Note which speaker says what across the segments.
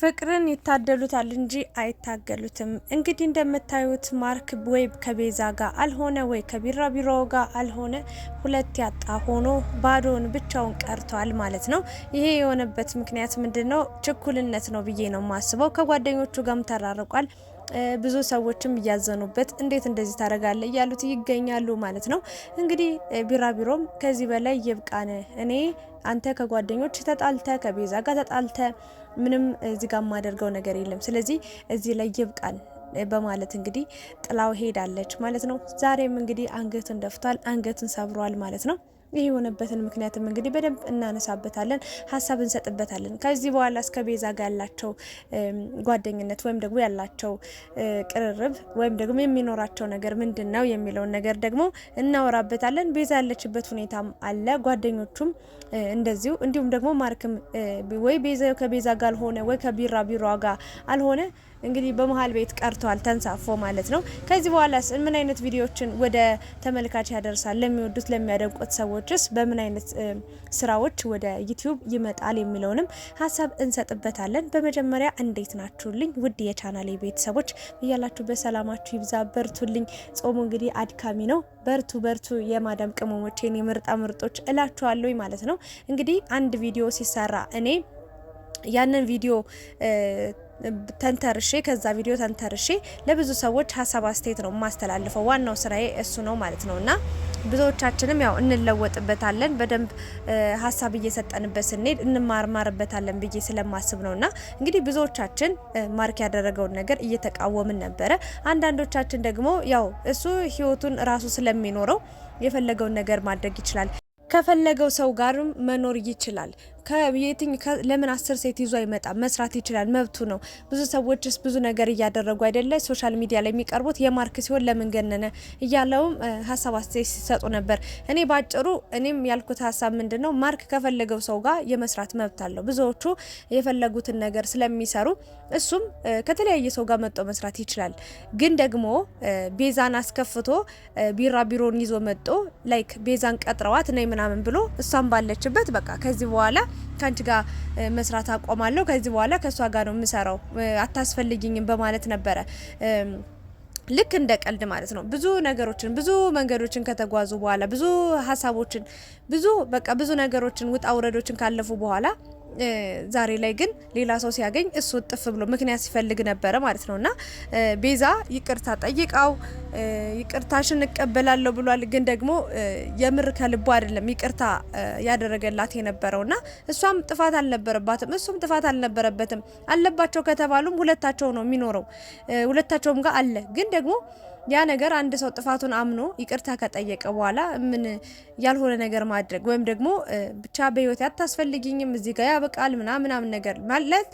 Speaker 1: ፍቅርን ይታደሉታል እንጂ አይታገሉትም። እንግዲህ እንደምታዩት ማርክ ወይ ከቤዛ ጋር አልሆነ፣ ወይ ከቢራቢሮ ጋር አልሆነ፣ ሁለት ያጣ ሆኖ ባዶውን ብቻውን ቀርቷል ማለት ነው። ይሄ የሆነበት ምክንያት ምንድን ነው? ችኩልነት ነው ብዬ ነው የማስበው። ከጓደኞቹ ጋርም ተራርቋል። ብዙ ሰዎችም እያዘኑበት እንዴት እንደዚህ ታደርጋለ እያሉት ይገኛሉ ማለት ነው። እንግዲህ ቢራቢሮም ከዚህ በላይ ይብቃን እኔ አንተ ከጓደኞች ተጣልተ ከቤዛ ጋር ተጣልተ ምንም እዚህ ጋር የማደርገው ነገር የለም፣ ስለዚህ እዚህ ላይ ይብቃል በማለት እንግዲህ ጥላው ሄዳለች ማለት ነው። ዛሬም እንግዲህ አንገቱን ደፍቷል፣ አንገቱን ሰብሯል ማለት ነው። ይህ የሆነበትን ምክንያትም እንግዲህ በደንብ እናነሳበታለን፣ ሀሳብ እንሰጥበታለን። ከዚህ በኋላ እስከ ቤዛ ጋር ያላቸው ጓደኝነት ወይም ደግሞ ያላቸው ቅርርብ ወይም ደግሞ የሚኖራቸው ነገር ምንድን ነው የሚለውን ነገር ደግሞ እናወራበታለን። ቤዛ ያለችበት ሁኔታም አለ፣ ጓደኞቹም እንደዚሁ እንዲሁም ደግሞ ማርክም ወይ ቤዛ ከቤዛ ጋር አልሆነ ወይ ከቢራ ቢሯ ጋር አልሆነ እንግዲህ በመሀል ቤት ቀርተዋል ተንሳፎ ማለት ነው። ከዚህ በኋላ ምን አይነት ቪዲዮዎችን ወደ ተመልካች ያደርሳል ለሚወዱት ለሚያደንቁት ሰዎች ባለሙያዎችስ በምን አይነት ስራዎች ወደ ዩቲዩብ ይመጣል የሚለውንም ሀሳብ እንሰጥበታለን። በመጀመሪያ እንዴት ናችሁልኝ ውድ የቻናሌ ቤተሰቦች እያላችሁ በሰላማችሁ ይብዛ። በርቱልኝ። ጾሙ እንግዲህ አድካሚ ነው። በርቱ በርቱ የማዳም ቅመሞቼን የምርጣ ምርጦች እላችኋለሁ ማለት ነው። እንግዲህ አንድ ቪዲዮ ሲሰራ እኔ ያንን ቪዲዮ ተንተርሼ ከዛ ቪዲዮ ተንተርሼ ለብዙ ሰዎች ሀሳብ አስተያየት ነው የማስተላልፈው። ዋናው ስራዬ እሱ ነው ማለት ነው እና ብዙዎቻችንም ያው እንለወጥበታለን በደንብ ሀሳብ እየሰጠንበት ስንሄድ እንማርማርበታለን ብዬ ስለማስብ ነው እና እንግዲህ ብዙዎቻችን ማርክ ያደረገውን ነገር እየተቃወምን ነበረ። አንዳንዶቻችን ደግሞ ያው እሱ ህይወቱን ራሱ ስለሚኖረው የፈለገውን ነገር ማድረግ ይችላል ከፈለገው ሰው ጋርም መኖር ይችላል። ከየትኝ ለምን አስር ሴት ይዞ አይመጣም? መስራት ይችላል፣ መብቱ ነው። ብዙ ሰዎችስ ብዙ ነገር እያደረጉ አይደለ? ሶሻል ሚዲያ ላይ የሚቀርቡት የማርክ ሲሆን ለምን ገነነ እያለውም ሀሳብ አስተያየት ሲሰጡ ነበር። እኔ ባጭሩ እኔም ያልኩት ሀሳብ ምንድን ነው ማርክ ከፈለገው ሰው ጋር የመስራት መብት አለው። ብዙዎቹ የፈለጉትን ነገር ስለሚሰሩ እሱም ከተለያየ ሰው ጋር መጥቶ መስራት ይችላል። ግን ደግሞ ቤዛን አስከፍቶ ቢራ ቢሮን ይዞ መጦ ላይክ ቤዛን ቀጥረዋት ነይ ምናምን ብሎ እሷን ባለችበት በቃ ከዚህ በኋላ ከአንቺ ጋር መስራት አቆማለሁ፣ ከዚህ በኋላ ከእሷ ጋር ነው የምሰራው፣ አታስፈልጊኝም በማለት ነበረ ልክ እንደ ቀልድ ማለት ነው። ብዙ ነገሮችን ብዙ መንገዶችን ከተጓዙ በኋላ ብዙ ሀሳቦችን ብዙ በቃ ብዙ ነገሮችን ውጣ ውረዶችን ካለፉ በኋላ ዛሬ ላይ ግን ሌላ ሰው ሲያገኝ እሱ ጥፍ ብሎ ምክንያት ሲፈልግ ነበረ ማለት ነው። እና ቤዛ ይቅርታ ጠይቃው ይቅርታሽን እቀበላለሁ ብሏል። ግን ደግሞ የምር ከልቦ አይደለም ይቅርታ ያደረገላት የነበረው እና እሷም ጥፋት አልነበረባትም፣ እሱም ጥፋት አልነበረበትም። አለባቸው ከተባሉም ሁለታቸው ነው የሚኖረው፣ ሁለታቸውም ጋር አለ ግን ደግሞ ያ ነገር አንድ ሰው ጥፋቱን አምኖ ይቅርታ ከጠየቀ በኋላ ምን ያልሆነ ነገር ማድረግ ወይም ደግሞ ብቻ በህይወት ያታስፈልግኝም እዚህ ጋር ያበቃል ምናምናምን ነገር ማለት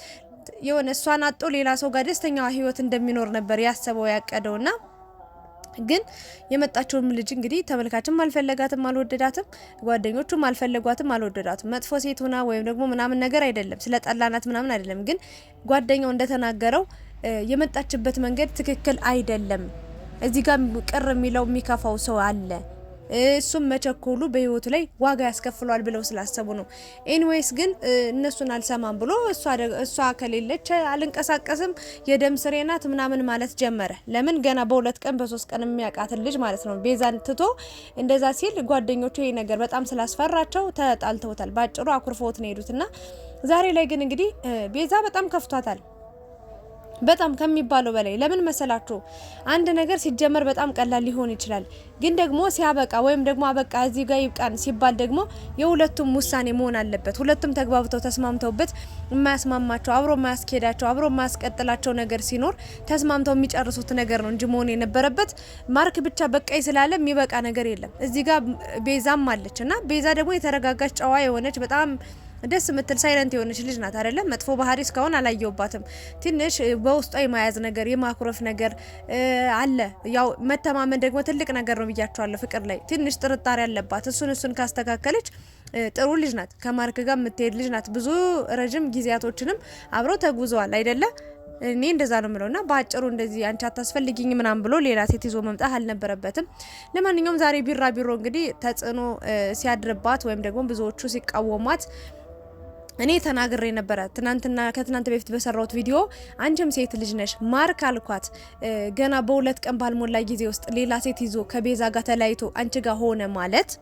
Speaker 1: የሆነ እሷን አጦ ሌላ ሰው ጋር ደስተኛ ህይወት እንደሚኖር ነበር ያሰበው ና ግን የመጣችውም ልጅ እንግዲህ ተመልካችም አልፈለጋትም፣ አልወደዳትም። ጓደኞቹም አልፈለጓትም፣ አልወደዳትም። መጥፎ ሴት ሆና ወይም ደግሞ ምናምን ነገር አይደለም፣ ስለ ጠላናት ምናምን አይደለም። ግን ጓደኛው እንደተናገረው የመጣችበት መንገድ ትክክል አይደለም። እዚህ ጋር ቅር የሚለው የሚከፋው ሰው አለ። እሱም መቸኮሉ በህይወቱ ላይ ዋጋ ያስከፍሏል ብለው ስላሰቡ ነው። ኤኒዌይስ ግን እነሱን አልሰማም ብሎ እሷ ከሌለች አልንቀሳቀስም የደም ስሬ ናት ምናምን ማለት ጀመረ። ለምን ገና በሁለት ቀን በሶስት ቀን የሚያውቃትን ልጅ ማለት ነው። ቤዛን ትቶ እንደዛ ሲል ጓደኞቹ ይህ ነገር በጣም ስላስፈራቸው ተጣልተውታል። በአጭሩ አኩርፎት ነው ሄዱትና ዛሬ ላይ ግን እንግዲህ ቤዛ በጣም ከፍቷታል። በጣም ከሚባለው በላይ ለምን መሰላችሁ? አንድ ነገር ሲጀመር በጣም ቀላል ሊሆን ይችላል፣ ግን ደግሞ ሲያበቃ ወይም ደግሞ አበቃ እዚህ ጋር ይብቃን ሲባል ደግሞ የሁለቱም ውሳኔ መሆን አለበት። ሁለቱም ተግባብተው ተስማምተውበት የማያስማማቸው አብሮ የማያስኬዳቸው አብሮ የማያስቀጥላቸው ነገር ሲኖር ተስማምተው የሚጨርሱት ነገር ነው እንጂ መሆን የነበረበት ማርክ ብቻ በቃይ ስላለ የሚበቃ ነገር የለም። እዚህ ጋር ቤዛም አለች እና ቤዛ ደግሞ የተረጋጋች ጨዋ የሆነች በጣም ደስ የምትል ሳይለንት የሆነች ልጅ ናት አይደለም። መጥፎ ባህሪ እስካሁን አላየውባትም። ትንሽ በውስጧ የመያዝ ነገር የማኩረፍ ነገር አለ። ያው መተማመን ደግሞ ትልቅ ነገር ነው ብያቸዋለሁ። ፍቅር ላይ ትንሽ ጥርጣሬ አለባት። እሱን እሱን ካስተካከለች ጥሩ ልጅ ናት። ከማርክ ጋር የምትሄድ ልጅ ናት። ብዙ ረጅም ጊዜያቶችንም አብረው ተጉዘዋል አይደለ? እኔ እንደዛ ነው ምለው ና በአጭሩ እንደዚህ አንቺ አታስፈልጊኝ ምናም ብሎ ሌላ ሴት ይዞ መምጣት አልነበረበትም። ለማንኛውም ዛሬ ቢራ ቢሮ እንግዲህ ተጽዕኖ ሲያድርባት ወይም ደግሞ ብዙዎቹ ሲቃወሟት እኔ ተናግሬ ነበረ ትናንትና ከትናንት በፊት በሰራሁት ቪዲዮ አንቺም ሴት ልጅ ነሽ ማርክ አልኳት። ገና በሁለት ቀን ባልሞላ ጊዜ ውስጥ ሌላ ሴት ይዞ ከቤዛ ጋር ተለያይቶ አንቺ ጋር ሆነ ማለት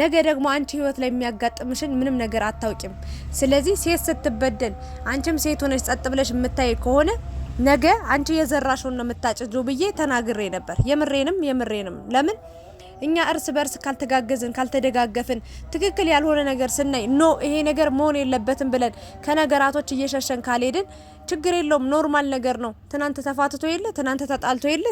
Speaker 1: ነገ ደግሞ አንቺ ህይወት ላይ የሚያጋጥምሽን ምንም ነገር አታውቂም። ስለዚህ ሴት ስትበደል አንቺም ሴት ሆነሽ ጸጥ ብለሽ የምታይ ከሆነ ነገ አንቺ የዘራሽውን ነው የምታጭዱ ብዬ ተናግሬ ነበር። የምሬንም የምሬንም ለምን እኛ እርስ በርስ ካልተጋገዝን ካልተደጋገፍን ትክክል ያልሆነ ነገር ስናይ ኖ ይሄ ነገር መሆን የለበትም ብለን ከነገራቶች እየሸሸን ካልሄድን ችግር የለውም፣ ኖርማል ነገር ነው። ትናንት ተፋትቶ የለ ትናንት ተጣልቶ የለ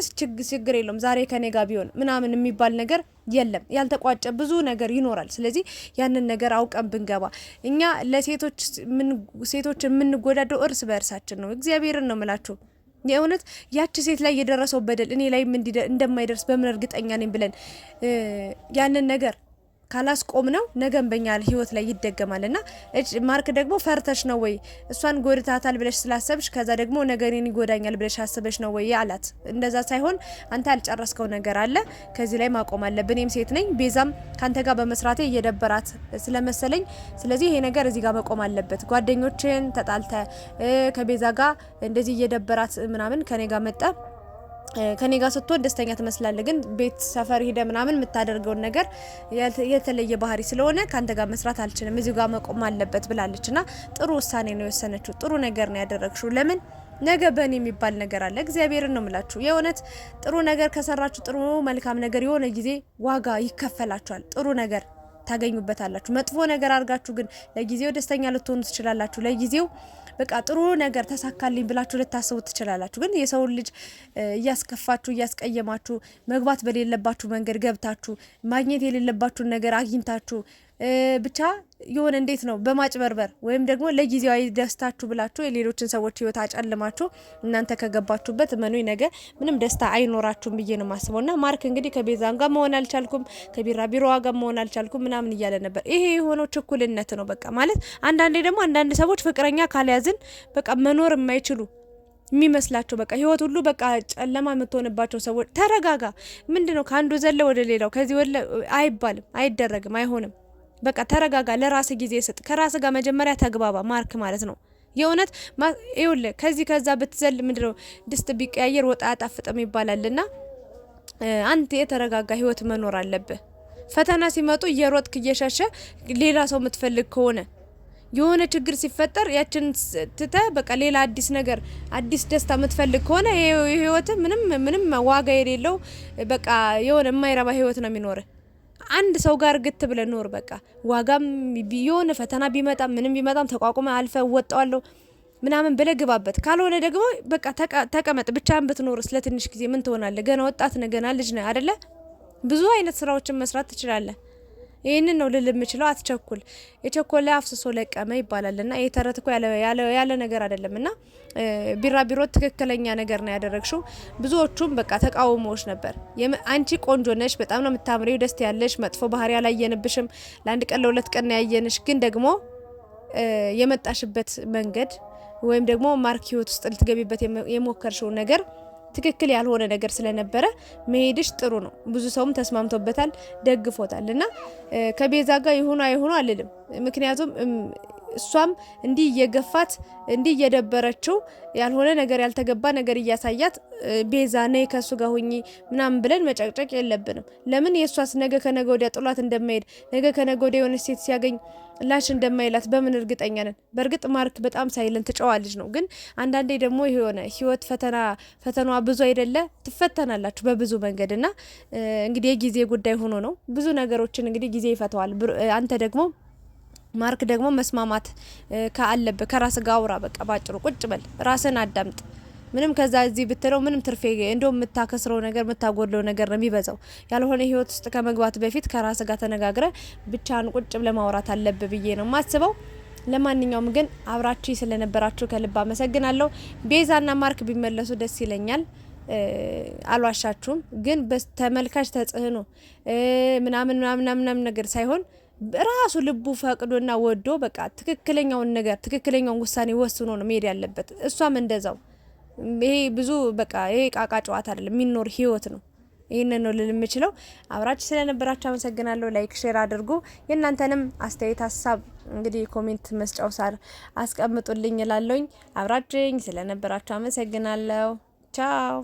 Speaker 1: ችግር የለውም፣ ዛሬ ከኔ ጋር ቢሆን ምናምን የሚባል ነገር የለም። ያልተቋጨ ብዙ ነገር ይኖራል። ስለዚህ ያንን ነገር አውቀን ብንገባ እኛ ለሴቶች ሴቶች የምንጎዳደው እርስ በእርሳችን ነው። እግዚአብሔርን ነው ምላችሁ የእውነት ያቺ ሴት ላይ የደረሰው በደል እኔ ላይም እንደማይደርስ በምን እርግጠኛ ነኝ ብለን ያንን ነገር ካላስቆም ነው ነገም በኛ ህይወት ላይ ይደገማል። ና ማርክ ደግሞ ፈርተሽ ነው ወይ እሷን ጎድታታል ብለሽ ስላሰብሽ ከዛ ደግሞ ነገሬን ይጎዳኛል ብለሽ አስበሽ ነው ወይ አላት። እንደዛ ሳይሆን አንተ ያልጨረስከው ነገር አለ፣ ከዚህ ላይ ማቆም አለብን። እኔም ሴት ነኝ፣ ቤዛም ካንተ ጋር በመስራቴ እየደበራት ስለመሰለኝ፣ ስለዚህ ይሄ ነገር እዚህ ጋር መቆም አለበት። ጓደኞችን ተጣልተ ከቤዛ ጋር እንደዚህ እየደበራት ምናምን ከኔ ጋር መጣ ከኔ ጋር ስትሆን ደስተኛ ትመስላለህ፣ ግን ቤት ሰፈር ሄደ ምናምን የምታደርገውን ነገር የተለየ ባህሪ ስለሆነ ከአንተ ጋር መስራት አልችልም፣ እዚሁ ጋር መቆም አለበት ብላለች። ና ጥሩ ውሳኔ ነው የወሰነችው። ጥሩ ነገር ነው ያደረግሽው። ለምን ነገ በእኔ የሚባል ነገር አለ። እግዚአብሔርን ነው ምላችሁ። የእውነት ጥሩ ነገር ከሰራችሁ ጥሩ መልካም ነገር የሆነ ጊዜ ዋጋ ይከፈላችኋል። ጥሩ ነገር ታገኙበታላችሁ። መጥፎ ነገር አድርጋችሁ ግን ለጊዜው ደስተኛ ልትሆኑ ትችላላችሁ። ለጊዜው በቃ ጥሩ ነገር ተሳካልኝ ብላችሁ ልታስቡ ትችላላችሁ። ግን የሰውን ልጅ እያስከፋችሁ እያስቀየማችሁ መግባት በሌለባችሁ መንገድ ገብታችሁ ማግኘት የሌለባችሁን ነገር አግኝታችሁ ብቻ የሆነ እንዴት ነው በማጭበርበር ወይም ደግሞ ለጊዜያዊ ደስታችሁ ብላችሁ የሌሎችን ሰዎች ህይወት አጨልማችሁ እናንተ ከገባችሁበት መኖ ነገ ምንም ደስታ አይኖራችሁም ብዬ ነው ማስበው። እና ማርክ እንግዲህ ከቤዛን ጋር መሆን አልቻልኩም፣ ከቢራቢሮዋ ጋር መሆን አልቻልኩም ምናምን እያለ ነበር። ይሄ የሆነው ችኩልነት ነው። በቃ ማለት አንዳንዴ ደግሞ አንዳንድ ሰዎች ፍቅረኛ ካልያዝን በቃ መኖር የማይችሉ የሚመስላቸው በቃ ህይወት ሁሉ በቃ ጨለማ የምትሆንባቸው ሰዎች። ተረጋጋ። ምንድነው ከአንዱ ዘለ ወደ ሌላው ከዚህ አይባልም፣ አይደረግም፣ አይሆንም። በቃ ተረጋጋ፣ ለራስ ጊዜ ስጥ። ከራስ ጋር መጀመሪያ ተግባባ ማርክ ማለት ነው። የእውነት ይውል ከዚህ ከዛ ብትዘል ምንድነው ድስት ቢቀያየር ወጥ አያጣፍጥም ይባላልና አንተ የተረጋጋ ህይወት መኖር አለብህ። ፈተና ሲመጡ እየሮጥክ እየሸሸ ሌላ ሰው የምትፈልግ ከሆነ የሆነ ችግር ሲፈጠር ያችን ትተ በቃ ሌላ አዲስ ነገር አዲስ ደስታ የምትፈልግ ከሆነ ህይወት ምንም ምንም ዋጋ የሌለው በቃ የሆነ የማይረባ ህይወት ነው የሚኖርህ። አንድ ሰው ጋር ግት ብለ ኖር። በቃ ዋጋም የሆነ ፈተና ቢመጣም ምንም ቢመጣም ተቋቁመ አልፈ እወጣዋለሁ ምናምን ብለ ግባበት። ካልሆነ ደግሞ በቃ ተቀመጥ ብቻን ብትኖር ስለ ትንሽ ጊዜ ምን ትሆናለ? ገና ወጣት ነህ፣ ገና ልጅ ነህ አደለ? ብዙ አይነት ስራዎችን መስራት ትችላለህ። ይህንን ነው ልል የምችለው። አትቸኩል፣ የቸኮለ አፍስሶ ለቀመ ይባላል እና ይህ ተረት እኮ ያለ ነገር አይደለም። እና ቢራቢሮ ትክክለኛ ነገር ነው ያደረግሽው። ብዙዎቹም በቃ ተቃውሞዎች ነበር። አንቺ ቆንጆ ነሽ፣ በጣም ነው የምታምሪው፣ ደስ ያለሽ፣ መጥፎ ባህሪ አላየንብሽም። ለአንድ ቀን ለሁለት ቀን ያየንሽ ግን ደግሞ የመጣሽበት መንገድ ወይም ደግሞ ማርክ ህይወት ውስጥ ልትገቢበት የሞከርሽውን ነገር ትክክል ያልሆነ ነገር ስለነበረ መሄድሽ ጥሩ ነው። ብዙ ሰውም ተስማምቶበታል፣ ደግፎታል እና ከቤዛ ጋር የሆኑ አይሆኑ አልልም። ምክንያቱም እሷም እንዲህ እየገፋት እንዲህ እየደበረችው ያልሆነ ነገር ያልተገባ ነገር እያሳያት ቤዛ ነይ ከእሱ ጋር ሁኚ ምናምን ብለን መጨቅጨቅ የለብንም። ለምን የእሷስ ነገ ከነገ ወዲያ ጥሏት እንደማይሄድ ነገ ከነገ ወዲያ የሆነ ሴት ሲያገኝ ላሽ እንደማይላት በምን እርግጠኛ ነን? በእርግጥ ማርክ በጣም ሳይለንት ጨዋ ልጅ ነው፣ ግን አንዳንዴ ደግሞ የሆነ ህይወት ፈተና ፈተናዋ ብዙ አይደለ? ትፈተናላችሁ በብዙ መንገድ እና እንግዲህ የጊዜ ጉዳይ ሆኖ ነው ብዙ ነገሮችን እንግዲህ ጊዜ ይፈተዋል። አንተ ደግሞ ማርክ ደግሞ መስማማት ከአለብህ ከራስ ጋር አውራ። በቃ ባጭሩ ቁጭ በል ራስን አዳምጥ። ምንም ከዛ እዚህ ብትለው ምንም ትርፌ እንደ የምታከስረው ነገር የምታጎድለው ነገር ነው የሚበዛው። ያልሆነ ህይወት ውስጥ ከመግባት በፊት ከራስ ጋር ተነጋግረ ብቻን ቁጭ ብለ ማውራት አለብ ብዬ ነው ማስበው። ለማንኛውም ግን አብራችሁ ስለነበራችሁ ከልብ አመሰግናለሁ። ቤዛና ማርክ ቢመለሱ ደስ ይለኛል። አልዋሻችሁም። ግን ተመልካች ተጽዕኖ ምናምን ምናምን ምናምን ነገር ሳይሆን ራሱ ልቡ ፈቅዶና ወዶ በቃ ትክክለኛውን ነገር ትክክለኛውን ውሳኔ ወስኖ ነው መሄድ ያለበት። እሷም እንደዛው። ይሄ ብዙ በቃ ይሄ ቃቃ ጨዋታ አይደለም፣ የሚኖር ህይወት ነው። ይህንን ነው ልል የምችለው። አብራችሁ ስለነበራችሁ አመሰግናለሁ። ላይክ ሼር አድርጉ። የእናንተንም አስተያየት ሀሳብ እንግዲህ ኮሜንት መስጫው ሳር አስቀምጡልኝ እላለሁኝ። አብራችኝ ስለነበራችሁ አመሰግናለሁ። ቻው